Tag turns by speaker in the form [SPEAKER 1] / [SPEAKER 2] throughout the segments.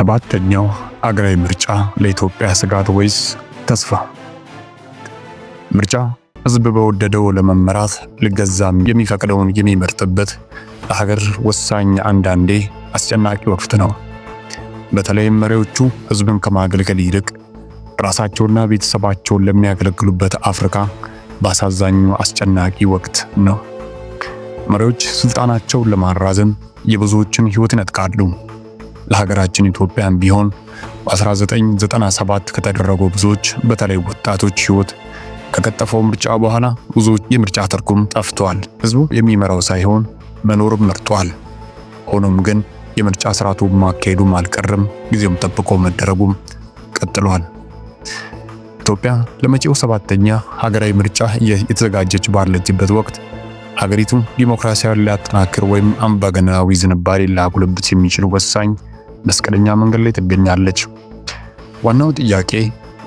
[SPEAKER 1] ሰባተኛው አገራዊ ምርጫ ለኢትዮጵያ ስጋት ወይስ ተስፋ? ምርጫ ህዝብ በወደደው ለመመራት ልገዛም የሚፈቅደውን የሚመርጥበት ለሀገር ወሳኝ አንዳንዴ አስጨናቂ ወቅት ነው። በተለይም መሪዎቹ ህዝብን ከማገልገል ይልቅ ራሳቸውና ቤተሰባቸውን ለሚያገለግሉበት አፍሪካ በአሳዛኙ አስጨናቂ ወቅት ነው። መሪዎች ስልጣናቸውን ለማራዘም የብዙዎችን ህይወት ይነጥቃሉ። ለሀገራችን ኢትዮጵያን ቢሆን በ1997 ከተደረጉ ብዙዎች በተለይ ወጣቶች ህይወት ከቀጠፈው ምርጫ በኋላ ብዙዎች የምርጫ ትርጉም ጠፍቷል። ህዝቡ የሚመራው ሳይሆን መኖርም መርጧል። ሆኖም ግን የምርጫ ስርዓቱ ማካሄዱም አልቀርም፣ ጊዜውም ጠብቆ መደረጉም ቀጥሏል። ኢትዮጵያ ለመጪው ሰባተኛ ሀገራዊ ምርጫ የተዘጋጀች ባለችበት ወቅት ሀገሪቱ ዲሞክራሲያዊ ሊያጠናክር ወይም አምባገነናዊ ዝንባሌ ሊያጎለብት የሚችል ወሳኝ መስቀለኛ መንገድ ላይ ትገኛለች። ዋናው ጥያቄ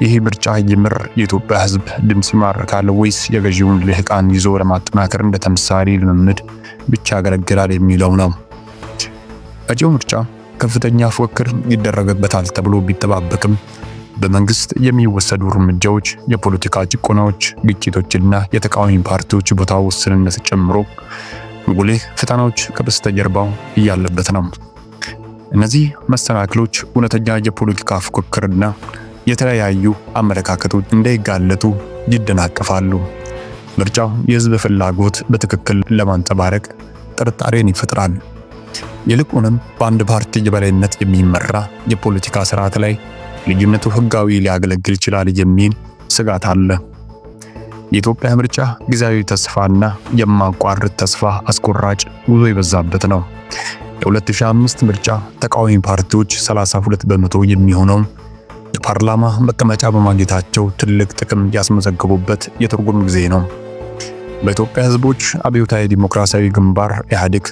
[SPEAKER 1] ይህ ምርጫ የምር የኢትዮጵያ ሕዝብ ድምፅ ይማርካል ወይስ የገዢውን ልህቃን ይዞ ለማጠናከር እንደ ተምሳሌ ልምምድ ብቻ ያገለግላል የሚለው ነው። ቀጪው ምርጫ ከፍተኛ ፉክክር ይደረግበታል ተብሎ ቢጠባበቅም በመንግስት የሚወሰዱ እርምጃዎች፣ የፖለቲካ ጭቆናዎች፣ ግጭቶችና የተቃዋሚ ፓርቲዎች ቦታ ውስንነት ጨምሮ ጉልህ ፈተናዎች ከበስተጀርባው እያለበት ነው። እነዚህ መሰናክሎች እውነተኛ የፖለቲካ ፉክክርና የተለያዩ አመለካከቶች እንዳይጋለጡ ይደናቀፋሉ። ምርጫው የህዝብ ፍላጎት በትክክል ለማንጸባረቅ ጥርጣሬን ይፈጥራል። ይልቁንም በአንድ ፓርቲ የበላይነት የሚመራ የፖለቲካ ስርዓት ላይ ልዩነቱ ህጋዊ ሊያገለግል ይችላል የሚል ስጋት አለ። የኢትዮጵያ ምርጫ ጊዜያዊ ተስፋና የማቋረጥ ተስፋ አስቆራጭ ጉዞ የበዛበት ነው። የ2005 ምርጫ ተቃዋሚ ፓርቲዎች 32 በመቶ የሚሆነው የፓርላማ መቀመጫ በማግኘታቸው ትልቅ ጥቅም ያስመዘገቡበት የትርጉም ጊዜ ነው። በኢትዮጵያ ሕዝቦች አብዮታዊ ዲሞክራሲያዊ ግንባር ኢህአዴግ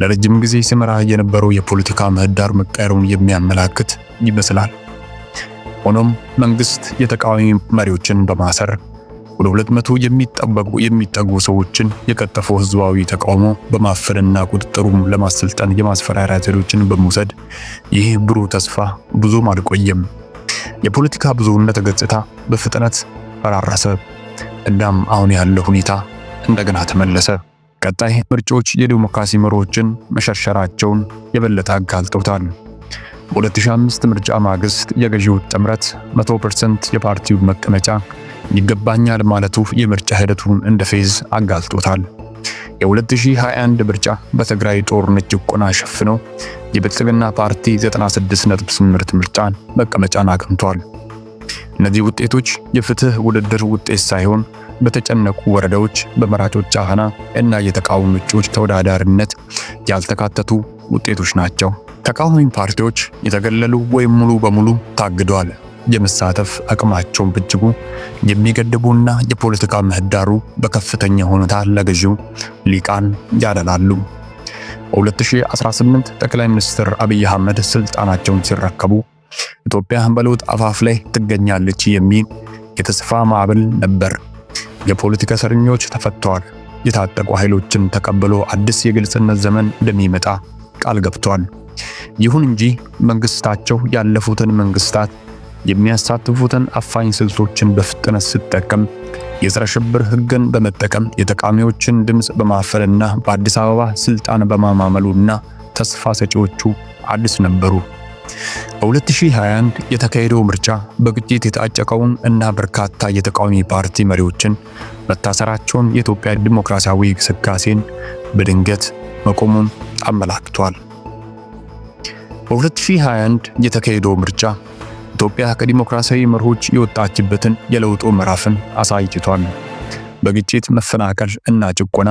[SPEAKER 1] ለረጅም ጊዜ ሲመራ የነበረው የፖለቲካ ምህዳር መቀየሩን የሚያመላክት ይመስላል። ሆኖም መንግስት የተቃዋሚ መሪዎችን በማሰር ወደ 200 የሚጠበቁ የሚጠጉ ሰዎችን የቀጠፈው ህዝባዊ ተቃውሞ በማፈንና ቁጥጥሩም ለማሰልጠን የማስፈራሪያ ዘዴዎችን በመውሰድ ይህ ብሩህ ተስፋ ብዙም አልቆየም። የፖለቲካ ብዙህነት ገጽታ በፍጥነት ፈራረሰ። እናም አሁን ያለ ሁኔታ እንደገና ተመለሰ። ቀጣይ ምርጫዎች የዲሞክራሲ መሪዎችን መሸርሸራቸውን የበለጠ አጋልጠውታል። በ2005 ምርጫ ማግስት የገዢው ጥምረት 100% የፓርቲው መቀመጫ ይገባኛል ማለቱ የምርጫ ሂደቱን እንደ ፌዝ አጋልጦታል። የ2021 ምርጫ በትግራይ ጦርነት ጭቆና ሸፍኖ የብልጽግና ፓርቲ 96.8 ምርጫን መቀመጫን አግኝቷል። እነዚህ ውጤቶች የፍትህ ውድድር ውጤት ሳይሆን በተጨነቁ ወረዳዎች በመራጮች ጫና እና የተቃዋሚ እጩዎች ተወዳዳሪነት ያልተካተቱ ውጤቶች ናቸው። ተቃዋሚ ፓርቲዎች የተገለሉ ወይም ሙሉ በሙሉ ታግደዋል። የመሳተፍ አቅማቸውን በእጅጉ የሚገድቡና የፖለቲካ ምህዳሩ በከፍተኛ ሁኔታ ለገዢው ሊቃን ያደላሉ። በ2018 ጠቅላይ ሚኒስትር አብይ አህመድ ስልጣናቸውን ሲረከቡ ኢትዮጵያ በለውጥ አፋፍ ላይ ትገኛለች የሚል የተስፋ ማዕበል ነበር። የፖለቲካ እስረኞች ተፈተዋል። የታጠቁ ኃይሎችን ተቀብሎ አዲስ የግልጽነት ዘመን እንደሚመጣ ቃል ገብቷል። ይሁን እንጂ መንግስታቸው ያለፉትን መንግስታት የሚያሳትፉትን አፋኝ ስልቶችን በፍጥነት ስጠቀም የጸረ ሽብር ህግን በመጠቀም የተቃዋሚዎችን ድምፅ በማፈልና በአዲስ አበባ ስልጣን በማማመሉና ተስፋ ሰጪዎቹ አዲስ ነበሩ። በ2021 የተካሄደው ምርጫ በግጭት የታጨቀውን እና በርካታ የተቃዋሚ ፓርቲ መሪዎችን መታሰራቸውን የኢትዮጵያ ዲሞክራሲያዊ ግስጋሴን በድንገት መቆሙን አመላክቷል። በ2021 የተካሄደው ምርጫ ኢትዮጵያ ከዲሞክራሲያዊ መርሆች የወጣችበትን የለውጡ ምዕራፍን አሳይቷል። በግጭት መፈናቀል እና ጭቆና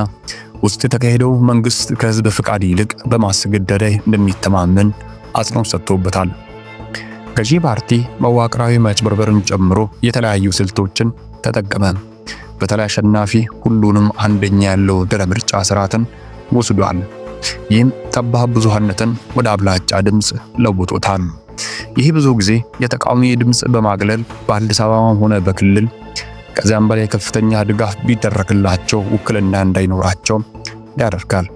[SPEAKER 1] ውስጥ የተካሄደው መንግስት ከህዝብ ፍቃድ ይልቅ በማስገደደ እንደሚተማመን አጽንኦት ሰጥቶበታል። ገዢ ፓርቲ መዋቅራዊ መጭበርበርን ጨምሮ የተለያዩ ስልቶችን ተጠቀመ። በተለይ አሸናፊ ሁሉንም አንደኛ ያለው ድረ ምርጫ ስርዓትን ወስዷል። ይህም ጠባብ ብዙሃነትን ወደ አብላጫ ድምፅ ለውጦታል። ይህ ብዙ ጊዜ የተቃዋሚ ድምፅ በማግለል በአዲስ አበባም ሆነ በክልል ከዚያም በላይ ከፍተኛ ድጋፍ ቢደረግላቸው ውክልና እንዳይኖራቸው ያደርጋል።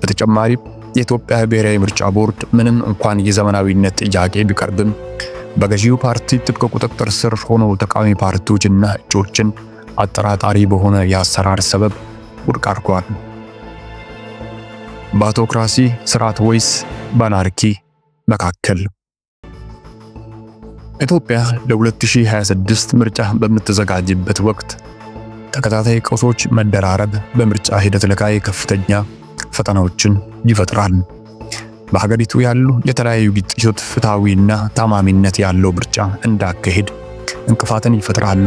[SPEAKER 1] በተጨማሪም የኢትዮጵያ ብሔራዊ ምርጫ ቦርድ ምንም እንኳን የዘመናዊነት ጥያቄ ቢቀርብም በገዢው ፓርቲ ጥብቅ ቁጥጥር ስር ሆኖ ተቃዋሚ ፓርቲዎች እና እጩዎችን አጠራጣሪ በሆነ የአሰራር ሰበብ ውድቅ አድርጓል። በአውቶክራሲ ስርዓት ወይስ በአናርኪ መካከል ኢትዮጵያ ለ2026 ምርጫ በምትዘጋጅበት ወቅት ተከታታይ ቀውሶች መደራረብ በምርጫ ሂደት ላይ ከፍተኛ ፈተናዎችን ይፈጥራል። በሀገሪቱ ያሉ የተለያዩ ግጭቶች ፍትሐዊና ታማሚነት ያለው ምርጫ እንዳካሄድ እንቅፋትን ይፈጥራሉ።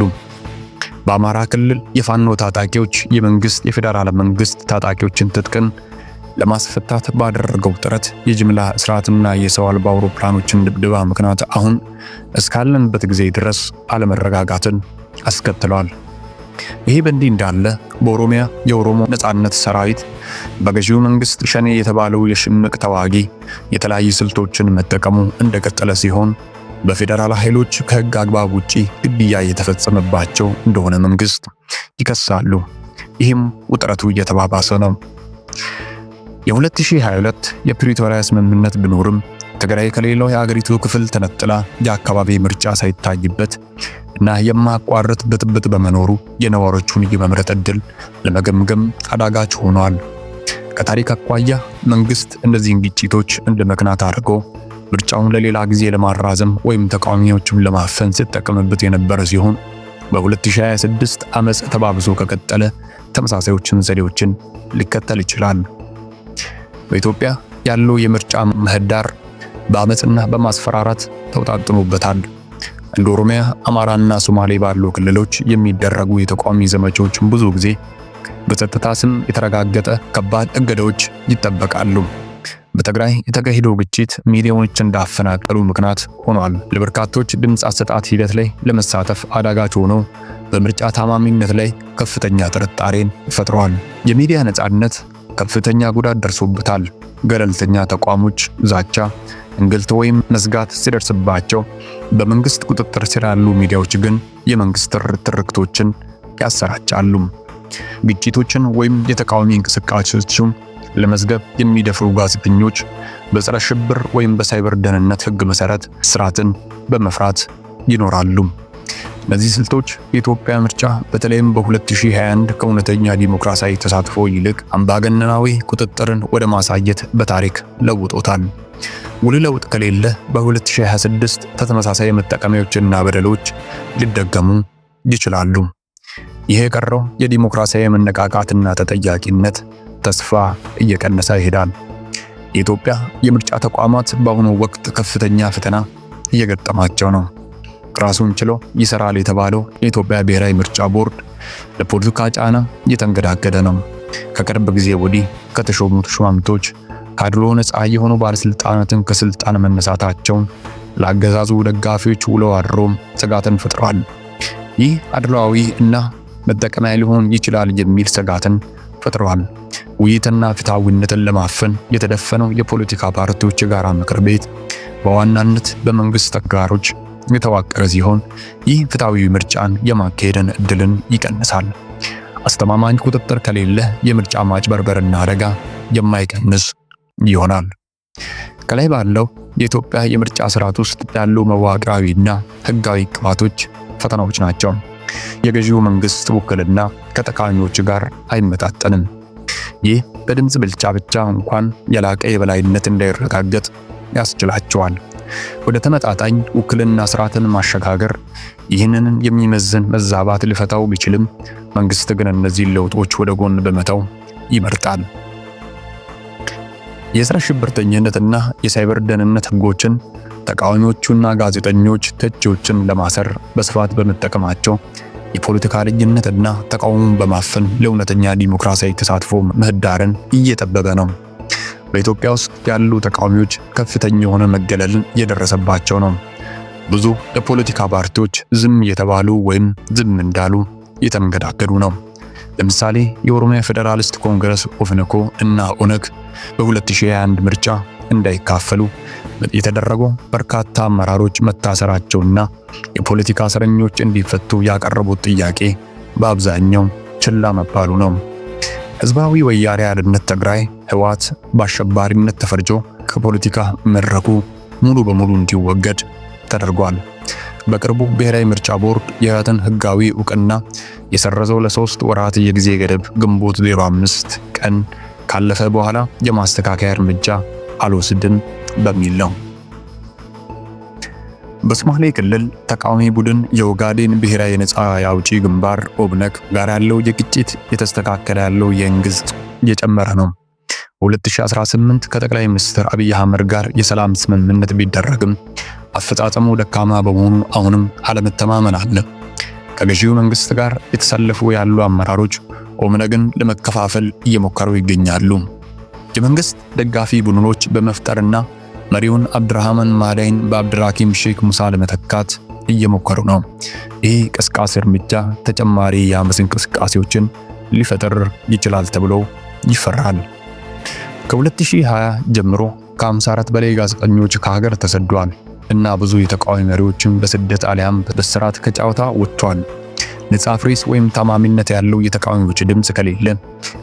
[SPEAKER 1] በአማራ ክልል የፋኖ ታጣቂዎች የመንግስት የፌዴራል መንግስት ታጣቂዎችን ትጥቅን ለማስፈታት ባደረገው ጥረት የጅምላ እስራትና የሰው አልባ አውሮፕላኖችን ድብድባ ምክንያት አሁን እስካለንበት ጊዜ ድረስ አለመረጋጋትን አስከትለዋል። ይህ በእንዲህ እንዳለ በኦሮሚያ የኦሮሞ ነፃነት ሰራዊት በገዢው መንግስት ሸኔ የተባለው የሽምቅ ተዋጊ የተለያዩ ስልቶችን መጠቀሙ እንደቀጠለ ሲሆን በፌዴራል ኃይሎች ከህግ አግባብ ውጪ ግድያ የተፈጸመባቸው እንደሆነ መንግስት ይከሳሉ። ይህም ውጥረቱ እየተባባሰ ነው። የ2022 የፕሪቶሪያ ስምምነት ቢኖርም ትግራይ ከሌላው የአገሪቱ ክፍል ተነጥላ የአካባቢ ምርጫ ሳይታይበት እና የማያቋርጥ ብጥብጥ በመኖሩ የነዋሪዎቹን የመምረጥ እድል ለመገምገም አዳጋች ሆኗል። ከታሪክ አኳያ መንግስት እነዚህን ግጭቶች እንደ ምክንያት አድርጎ ምርጫውን ለሌላ ጊዜ ለማራዘም ወይም ተቃዋሚዎችን ለማፈን ሲጠቀምበት የነበረ ሲሆን በ2026 ዓመፅ ተባብሶ ከቀጠለ ተመሳሳዮችን ዘዴዎችን ሊከተል ይችላል። በኢትዮጵያ ያለው የምርጫ ምህዳር በአመፅና በማስፈራራት ተውጣጥኖበታል። እንደ ኦሮሚያ፣ አማራና ሶማሌ ባሉ ክልሎች የሚደረጉ የተቃዋሚ ዘመቻዎችን ብዙ ጊዜ በጸጥታ ስም የተረጋገጠ ከባድ እገዳዎች ይጠበቃሉ። በትግራይ የተካሄደው ግጭት ሚሊዮኖች እንዳፈናቀሉ ምክንያት ሆኗል። ለበርካቶች ድምፅ አሰጣት ሂደት ላይ ለመሳተፍ አዳጋች ሆኖ በምርጫ ታማሚነት ላይ ከፍተኛ ጥርጣሬን ፈጥሯል። የሚዲያ ነፃነት ከፍተኛ ጉዳት ደርሶበታል። ገለልተኛ ተቋሞች ዛቻ፣ እንግልት ወይም መዝጋት ሲደርስባቸው፣ በመንግስት ቁጥጥር ስር ያሉ ሚዲያዎች ግን የመንግስት ትርክቶችን ያሰራጫሉ። ግጭቶችን ወይም የተቃዋሚ እንቅስቃሴዎችን ለመዝገብ የሚደፍሩ ጋዜጠኞች በጸረ ሽብር ወይም በሳይበር ደህንነት ህግ መሰረት ስርዓትን በመፍራት ይኖራሉ። እነዚህ ስልቶች የኢትዮጵያ ምርጫ በተለይም በ2021 ከእውነተኛ ዲሞክራሲያዊ ተሳትፎ ይልቅ አምባገነናዊ ቁጥጥርን ወደ ማሳየት በታሪክ ለውጦታል። ውል ለውጥ ከሌለ በ2026 ተመሳሳይ መጠቀሚያዎችና በደሎች ሊደገሙ ይችላሉ። ይሄ የቀረው የዲሞክራሲያዊ መነቃቃትና ተጠያቂነት ተስፋ እየቀነሰ ይሄዳል። የኢትዮጵያ የምርጫ ተቋማት በአሁኑ ወቅት ከፍተኛ ፈተና እየገጠማቸው ነው። ራሱን ችሎ ይሰራል የተባለው የኢትዮጵያ ብሔራዊ ምርጫ ቦርድ ለፖለቲካ ጫና እየተንገዳገደ ነው። ከቅርብ ጊዜ ወዲህ ከተሾሙት ሹማምንቶች ካድሎ ነፃ የሆኑ ባለስልጣናትን ከስልጣን መነሳታቸውን ለአገዛዙ ደጋፊዎች ውለው አድሮም ስጋትን ፈጥሯል። ይህ አድሏዊ እና መጠቀሚያ ሊሆን ይችላል የሚል ስጋትን ፈጥሯል። ውይይትና ፍትሐዊነትን ለማፈን የተደፈነው የፖለቲካ ፓርቲዎች የጋራ ምክር ቤት በዋናነት በመንግስት ተጋሮች የተዋቀረ ሲሆን ይህ ፍትሐዊ ምርጫን የማካሄድን እድልን ይቀንሳል። አስተማማኝ ቁጥጥር ከሌለ የምርጫ ማጭበርበርና አደጋ የማይቀንስ ይሆናል። ከላይ ባለው የኢትዮጵያ የምርጫ ስርዓት ውስጥ ያሉ መዋቅራዊና ህጋዊ ቅባቶች ፈተናዎች ናቸው። የገዢው መንግስት ውክልና ከተቃዋሚዎች ጋር አይመጣጠንም። ይህ በድምፅ ብልጫ ብቻ እንኳን የላቀ የበላይነት እንዳይረጋገጥ ያስችላቸዋል። ወደ ተመጣጣኝ ውክልና ስርዓትን ማሸጋገር። ይህንን የሚመዝን መዛባት ሊፈታው ቢችልም መንግስት ግን እነዚህን ለውጦች ወደ ጎን በመተው ይመርጣል። የጸረ ሽብርተኝነትና የሳይበር ደህንነት ህጎችን ተቃዋሚዎቹና ጋዜጠኞች ተቺዎችን ለማሰር በስፋት በመጠቀማቸው የፖለቲካ ልዩነትና ተቃውሞን በማፈን ለእውነተኛ ዲሞክራሲያዊ ተሳትፎ ምህዳርን እየጠበበ ነው። በኢትዮጵያ ውስጥ ያሉ ተቃዋሚዎች ከፍተኛ የሆነ መገለልን እየደረሰባቸው ነው። ብዙ የፖለቲካ ፓርቲዎች ዝም እየተባሉ ወይም ዝም እንዳሉ እየተንገዳገዱ ነው። ለምሳሌ የኦሮሚያ ፌዴራሊስት ኮንግረስ ኦፍነኮ እና ኦነግ በ2021 ምርጫ እንዳይካፈሉ የተደረጉ በርካታ አመራሮች መታሰራቸውና የፖለቲካ እስረኞች እንዲፈቱ ያቀረቡት ጥያቄ በአብዛኛው ችላ መባሉ ነው። ህዝባዊ ወያኔ ሓርነት ትግራይ ህወሓት በአሸባሪነት ተፈርጆ ከፖለቲካ መድረኩ ሙሉ በሙሉ እንዲወገድ ተደርጓል። በቅርቡ ብሔራዊ ምርጫ ቦርድ የህወሓትን ህጋዊ እውቅና የሰረዘው ለሶስት ወራት የጊዜ ገደብ ግንቦት 05 ቀን ካለፈ በኋላ የማስተካከያ እርምጃ አልወስድም በሚል ነው። በሶማሌ ክልል ተቃዋሚ ቡድን የኦጋዴን ብሔራዊ ነፃ አውጪ ግንባር ኦብነግ ጋር ያለው የግጭት የተስተካከለ ያለው የእንግዝት እየጨመረ ነው። 2018 ከጠቅላይ ሚኒስትር አብይ አህመድ ጋር የሰላም ስምምነት ቢደረግም አፈጻጸሙ ደካማ በመሆኑ አሁንም አለመተማመን አለ። ከገዢው መንግስት ጋር የተሰለፉ ያሉ አመራሮች ኦብነግን ለመከፋፈል እየሞከሩ ይገኛሉ። የመንግስት ደጋፊ ቡድኖች በመፍጠርና መሪውን አብድርሃማን ማህዳይን በአብድራኪም ሼክ ሙሳ ለመተካት እየሞከሩ ነው። ይህ ቅስቃሴ እርምጃ ተጨማሪ የአመፅ እንቅስቃሴዎችን ሊፈጥር ይችላል ተብሎ ይፈራል። ከ2020 ጀምሮ ከ54 በላይ ጋዜጠኞች ከሀገር ተሰደዋል እና ብዙ የተቃዋሚ መሪዎችን በስደት አሊያም በስርዓት ከጨዋታ ወጥቷል። ነጻ ፕሬስ ወይም ታማሚነት ያለው የተቃዋሚዎች ድምፅ ከሌለ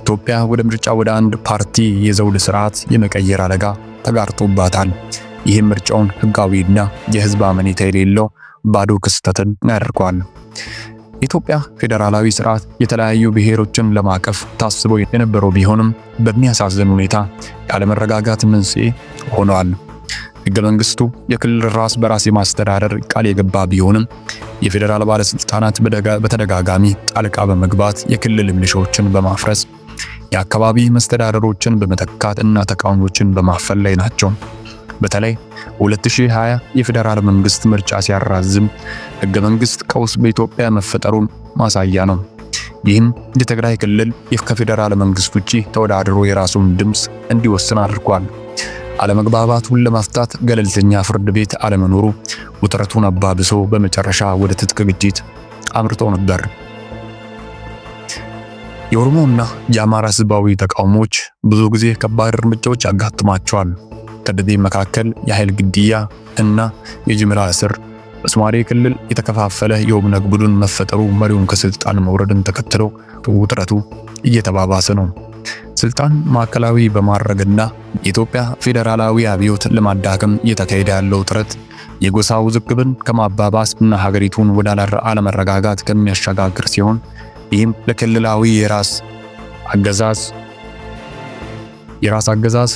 [SPEAKER 1] ኢትዮጵያ ወደ ምርጫ ወደ አንድ ፓርቲ የዘውድ ስርዓት የመቀየር አደጋ ተጋርጦባታል። ይህም ምርጫውን ህጋዊና የህዝብ አመኔታ የሌለው ባዶ ክስተትን ያደርገዋል። የኢትዮጵያ ፌዴራላዊ ስርዓት የተለያዩ ብሔሮችን ለማቀፍ ታስቦ የነበረው ቢሆንም በሚያሳዝን ሁኔታ ያለመረጋጋት መንስኤ ሆኗል። ህገ መንግስቱ የክልል ራስ በራስ የማስተዳደር ቃል የገባ ቢሆንም የፌዴራል ባለስልጣናት በተደጋጋሚ ጣልቃ በመግባት የክልል ሚሊሻዎችን በማፍረስ የአካባቢ መስተዳደሮችን በመተካት እና ተቃዋሚዎችን በማፈን ላይ ናቸው። በተለይ 2020 የፌዴራል መንግስት ምርጫ ሲያራዝም ህገ መንግስት ቀውስ በኢትዮጵያ መፈጠሩን ማሳያ ነው። ይህም የትግራይ ክልል ከፌዴራል መንግስት ውጭ ተወዳድሮ የራሱን ድምፅ እንዲወስን አድርጓል። አለመግባባቱን ለመፍታት ገለልተኛ ፍርድ ቤት አለመኖሩ ውጥረቱን አባብሶ በመጨረሻ ወደ ትጥቅ ግጭት አምርቶ ነበር። የኦሮሞና የአማራ ህዝባዊ ተቃውሞዎች ብዙ ጊዜ ከባድ እርምጃዎች ያጋጥማቸዋል። ከእነዚህ መካከል የኃይል ግድያ እና የጅምላ እስር፣ በሶማሌ ክልል የተከፋፈለ የኦብነግ ቡድን መፈጠሩ መሪውን ከስልጣን መውረድን ተከትሎ ውጥረቱ እየተባባሰ ነው። ስልጣን ማዕከላዊ በማድረግና የኢትዮጵያ ፌዴራላዊ አብዮት ለማዳከም እየተካሄደ ያለው ጥረት የጎሳ ውዝግብን ከማባባስ እና ሀገሪቱን ወደ አለመረጋጋት ከሚያሸጋግር ሲሆን ይህም ለክልላዊ የራስ አገዛዝ የራስ አገዛዝ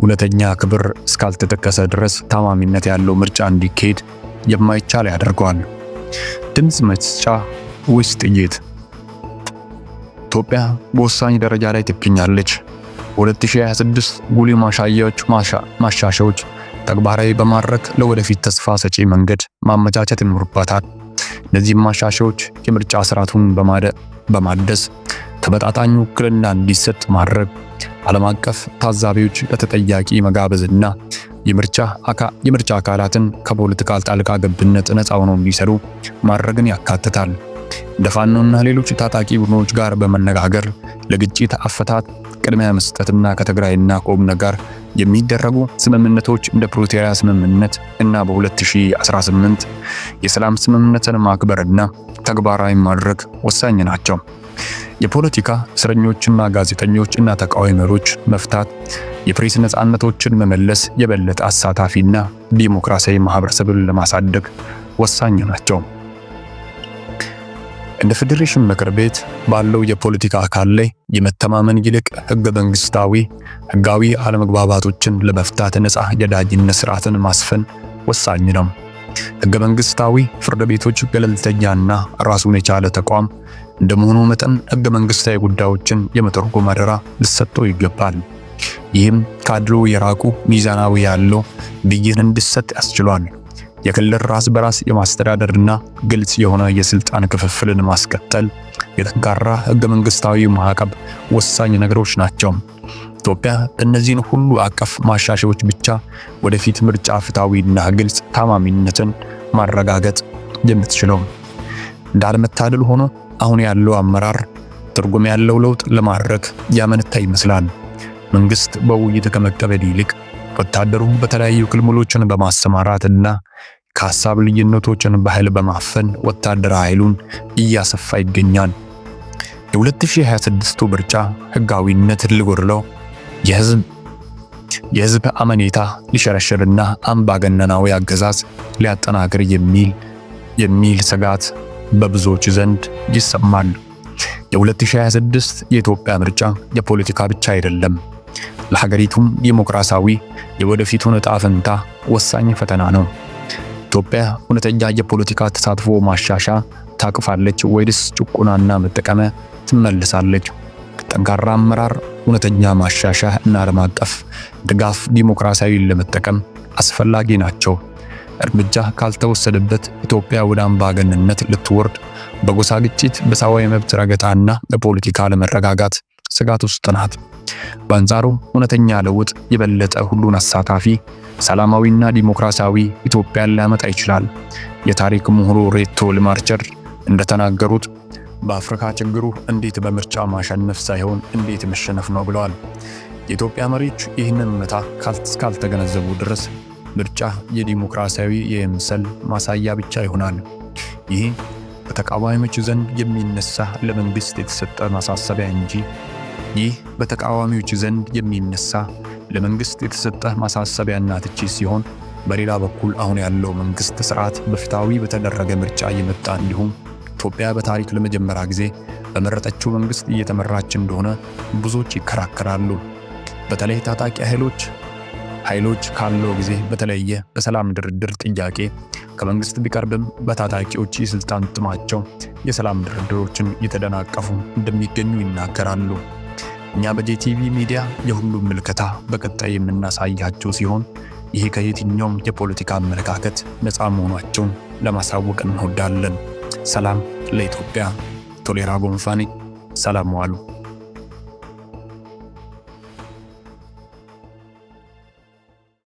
[SPEAKER 1] እውነተኛ ክብር እስካልተጠቀሰ ድረስ ታማሚነት ያለው ምርጫ እንዲካሄድ የማይቻል ያደርገዋል። ድምፅ መስጫ ውስጥ ጥይት? ኢትዮጵያ በወሳኝ ደረጃ ላይ ትገኛለች። በ2026 ጉሊ ማሻያዎች ማሻሻዎች ተግባራዊ በማድረግ ለወደፊት ተስፋ ሰጪ መንገድ ማመቻቸት ይኖርባታል። እነዚህ ማሻሻዎች የምርጫ ስርዓቱን በማደስ ተመጣጣኝ ውክልና እንዲሰጥ ማድረግ፣ ዓለም አቀፍ ታዛቢዎች ለተጠያቂ መጋበዝና የምርጫ አካላትን ከፖለቲካል ጣልቃ ገብነት ነፃ ሆነው እንዲሰሩ ማድረግን ያካትታል። እንደ ፋኖና ሌሎች ታጣቂ ቡድኖች ጋር በመነጋገር ለግጭት አፈታት ቅድሚያ መስጠትና ከትግራይና ከኦብነ ጋር የሚደረጉ ስምምነቶች እንደ ፕሪቶሪያ ስምምነት እና በ2018 የሰላም ስምምነትን ማክበርና ተግባራዊ ማድረግ ወሳኝ ናቸው። የፖለቲካ እስረኞችና ጋዜጠኞች እና ተቃዋሚ መሪዎች መፍታት፣ የፕሬስ ነፃነቶችን መመለስ የበለጠ አሳታፊና ዲሞክራሲያዊ ማህበረሰብን ለማሳደግ ወሳኝ ናቸው። እንደ ፌዴሬሽን ምክር ቤት ባለው የፖለቲካ አካል ላይ የመተማመን ይልቅ ህገ መንግስታዊ ህጋዊ አለመግባባቶችን ለመፍታት ነፃ የዳኝነት ስርዓትን ማስፈን ወሳኝ ነው። ህገ መንግስታዊ ፍርድ ቤቶች ገለልተኛና ራሱን የቻለ ተቋም እንደመሆኑ መጠን ህገ መንግስታዊ ጉዳዮችን የመተርጎም አደራ ሊሰጠው ይገባል። ይህም ካድሮ የራቁ ሚዛናዊ ያለው ብይን እንዲሰጥ ያስችሏል። የክልል ራስ በራስ የማስተዳደርና ግልጽ የሆነ የስልጣን ክፍፍልን ማስቀጠል፣ የጠንካራ ህገ መንግስታዊ ማዕቀብ ወሳኝ ነገሮች ናቸው። ኢትዮጵያ እነዚህን ሁሉ አቀፍ ማሻሻዎች ብቻ ወደፊት ምርጫ ፍትሐዊና ግልጽ ታማሚነትን ማረጋገጥ የምትችለው። እንዳለመታደል ሆኖ አሁን ያለው አመራር ትርጉም ያለው ለውጥ ለማድረግ ያመነታ ይመስላል። መንግስት በውይይት ከመቀበል ይልቅ ወታደሩ በተለያዩ ክልሎችን በማሰማራት እና ከሀሳብ ልዩነቶችን በኃይል በማፈን ወታደራዊ ኃይሉን እያሰፋ ይገኛል። የ2026ቱ ምርጫ ህጋዊነት ሊጎድለው የህዝብ የህዝብ አመኔታ ሊሸረሽርና አምባገነናዊ አገዛዝ ሊያጠናክር የሚል የሚል ስጋት በብዙዎች ዘንድ ይሰማል። የ2026 የኢትዮጵያ ምርጫ የፖለቲካ ብቻ አይደለም፣ ለሀገሪቱም ዲሞክራሲያዊ የወደፊቱን ዕጣ ፈንታ ወሳኝ ፈተና ነው። ኢትዮጵያ እውነተኛ የፖለቲካ ተሳትፎ ማሻሻ ታቅፋለች ወይስ ጭቁናና መጠቀሚያ ትመልሳለች? ጠንካራ አመራር፣ እውነተኛ ማሻሻ እና ዓለም አቀፍ ድጋፍ ዲሞክራሲያዊ ለመጠቀም አስፈላጊ ናቸው። እርምጃ ካልተወሰደበት ኢትዮጵያ ወደ አምባገንነት ልትወርድ፣ በጎሳ ግጭት፣ በሰብአዊ መብት ረገጣና በፖለቲካ አለመረጋጋት ስጋት ውስጥ ናት። በአንጻሩ እውነተኛ ለውጥ የበለጠ ሁሉን አሳታፊ ሰላማዊና ዲሞክራሲያዊ ኢትዮጵያን ሊያመጣ ይችላል። የታሪክ ምሁሩ ሬቶ ልማርቸር እንደተናገሩት በአፍሪካ ችግሩ እንዴት በምርጫ ማሸነፍ ሳይሆን እንዴት መሸነፍ ነው ብለዋል። የኢትዮጵያ መሪዎች ይህንን እውነታ እስካልተገነዘቡ ድረስ ምርጫ የዲሞክራሲያዊ የምስል ማሳያ ብቻ ይሆናል። ይህ በተቃዋሚዎች ዘንድ የሚነሳ ለመንግስት የተሰጠ ማሳሰቢያ እንጂ ይህ በተቃዋሚዎች ዘንድ የሚነሳ ለመንግሥት የተሰጠ ማሳሰቢያና ትችት ሲሆን፣ በሌላ በኩል አሁን ያለው መንግሥት ስርዓት በፍትሐዊ በተደረገ ምርጫ የመጣ እንዲሁም ኢትዮጵያ በታሪክ ለመጀመሪያ ጊዜ በመረጠችው መንግሥት እየተመራች እንደሆነ ብዙዎች ይከራከራሉ። በተለይ ታጣቂ ኃይሎች ኃይሎች ካለው ጊዜ በተለየ በሰላም ድርድር ጥያቄ ከመንግስት ቢቀርብም በታጣቂዎች የስልጣን ጥማቸው የሰላም ድርድሮችን እየተደናቀፉ እንደሚገኙ ይናገራሉ። እኛ በጄቲቪ ሚዲያ የሁሉም ምልከታ በቀጣይ የምናሳያቸው ሲሆን ይሄ ከየትኛውም የፖለቲካ አመለካከት ነፃ መሆናቸውን ለማሳወቅ እንወዳለን። ሰላም ለኢትዮጵያ። ቶሌራ ጎንፋኔ ሰላም ዋሉ።